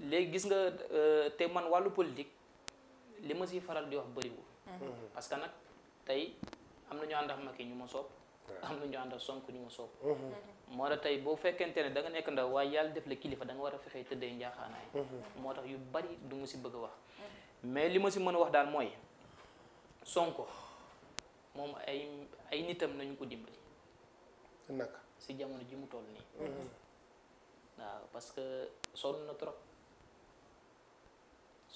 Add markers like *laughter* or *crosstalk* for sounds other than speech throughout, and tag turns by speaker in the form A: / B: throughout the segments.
A: léegi gis nga euh, te man wàllu politique li ma si faral di wax bëriwul. Mm-hmm. parce que nag tey am na ñu ànd ak Macky ñu ma sopp am na ñu ànd ak Sonko ñu ma sopp mm-hmm. Mm-hmm. moo tax tey boo fekkente ne da nga nekk ndaw waaye yàlla def la kilifa danga war a fexee tëddee njaaxaanaay moo tax yu bari du ma si bëgg wax mais li ma si mën a wax daal mooy Sonko moom ay ay nitam nañu ko dimbali nag si jamono ji mu toll nii waaw parce sonn na trop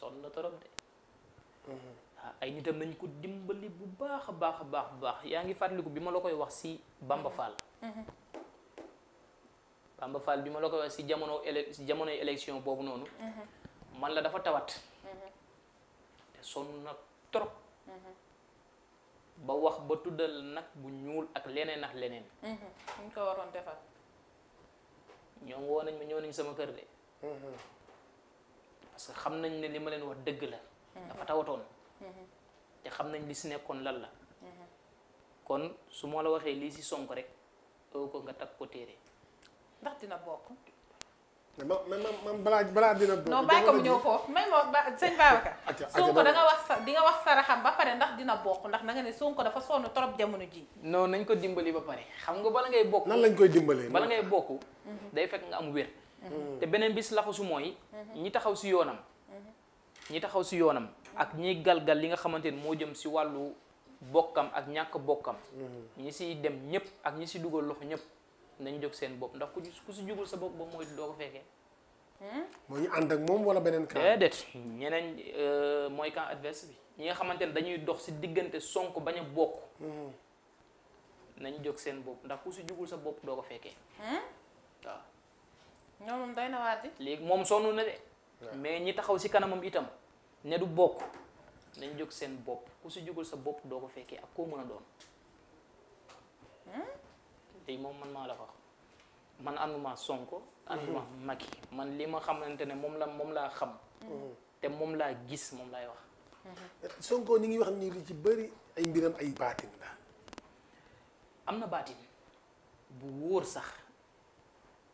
A: sonn na torop de waaw mhm. ah, ay nitam nañ ko dimbali bu baax a baax a baax bu baax yaa ngi fàttaliku bi ma la koy wax si Bamba mhm. Mhm. Fall bi ma la koy wax si jamono élec si jamonoy élection boobu noonu man la dafa tawat te sonn na trop ba wax ba tuddal nag bu ñuul ak leneen ak leneen ñu ko waroon defal ñoom woo nañ ma ñëw nañ sama kër de parce que xam nañ ne li ma leen wax dëgg la mhm. dafa tawatoon mhm. te xam nañ li si nekkoon lan la mhm. kon su ma la waxee lii si Sonko rek ko nga takk ko téere ndax dina bokk mais man balaa balaa dina bokk non bàyyi ko mu ñëw foofu may ma wax sa di nga wax saraxam ba pare ndax dina na nga ne Sonko dafa sonn trop jamono ji non nañ ko dimbali ba pare xam nga bala ngay bokk lan lañ koy dimbalee bala ngay bokk day fekk nga am wér Mhm. te beneen bis laxasu mooy mhm. ñi taxaw si yoonam mhm. ñi taxaw si yoonam ak ñi gal gal li nga xamante ni moo jëm si wàllu bokkam ak ñàkk bokkam ñi si dem ñëpp ak ñi si dugal loxo ñëpp nañ jóg seen bopp ndax ku si jugul sa bopp ba mooy doo ko fekkee moo ànd ak moom wala beneen camp déedéet ñeneen mooy camp adverse bi ñi nga xamante ne dañuy dox si diggante Sonko bañ bokk nañ jóg seen bopp ndax ku si sa bopp doo ko fekkee ñoom moom doy na léegi moom sonn na de. mais ñi taxaw si kanamam itam ne du bokk nañ jóg seen bopp ku si jógul sa bopp doo ko fekkee ak koo mën a doon. léegi hmm? moom man maa la wax man ànduma Sonko. ànduma hmm. Macky man li ma xamante ne moom la moom laa xam. Hmm. te moom laa gis moom laay wax. Sonko ni ngi wax ni li ci bëri ay mbiram ay baatin la. am na baatin bu wóor sax.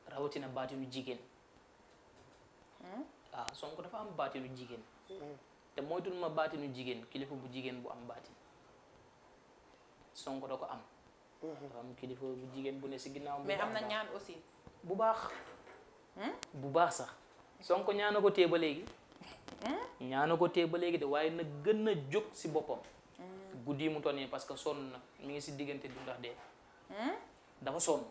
A: rawatina baatinu jigéen waaw hmm? ah, Sonko dafa am baatinu jigéen hmm. te moytul ma baatinu jigéen kilifa bu jigéen bu am baatin sonk da ko hmm. am kilifa bu jigéen bu ne si ginnaaw mais am na ñaan aussi bu baax bu baax sax Sonko ñaana ko tee ba léegi ñaana ko tee ba léegi de waaye na gën a jóg si boppam guddi yi mu toll nii parce que sonn na mi ngi si diggante du ndax dee dafa sonn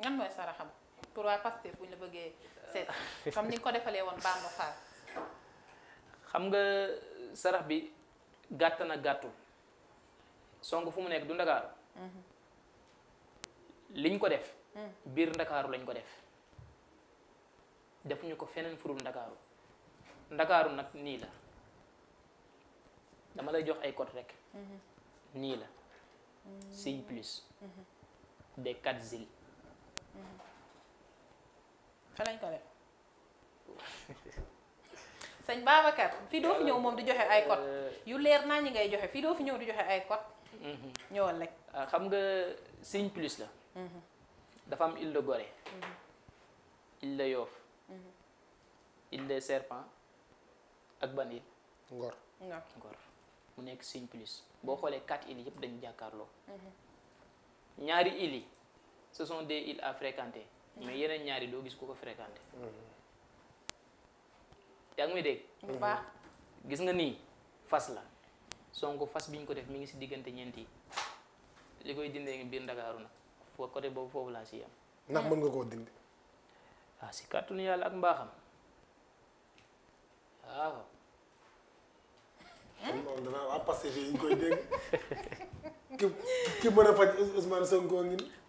A: ngan mooy saraxam pour waa Pastef bu ñu la bëggee seet xam *laughs* ni ko defalee woon Bamba Fall xam nga sarax bi gàtt na gàttul song fu mu nekk du ndakaaru mhm. liñ ko def mhm. biir ndakaaru lañ ko def defuñu ko feneen furul ndakaaru ndakaaru nag nii la dama lay jox ay code rek mhm. nii la CI plus des quatre îles Mm-hmm. fa lañ ko def *laughs* sëñ Babacar fii doo fi ñëw moom di joxe ay code euh, yu leer naa ñi ngay joxe fii doo fi ñëw di joxe ay code mm-hmm. ñëwal rek ah, xam nga Signe Plus la mm-hmm. dafa am île de Gorée île de Yoff île de Serpent ak ban île Ngor Ngor mu nekk siñ Plus boo xoolee quatre îles yëpp dañu jàkkaarloo ñaari îles yi ce sont des îles à fréquenter mais yeneen ñaari doo gis ku ko fréquenter yaa ngi may dégg gis nga nii fas la Sonko fas bi ñu ko def mi ngi si diggante ñeenti li koy dindee ngi biir Ndakaaru nag foo côté boobu foofu laa si yam ndax mën nga koo dindi waaw ah, si kàttanu yàlla ak mbaaxam waaw moom danaa waa Pastef yi ñu koy dégg *laughs* ki mën a faj Ousmane Sonko ngi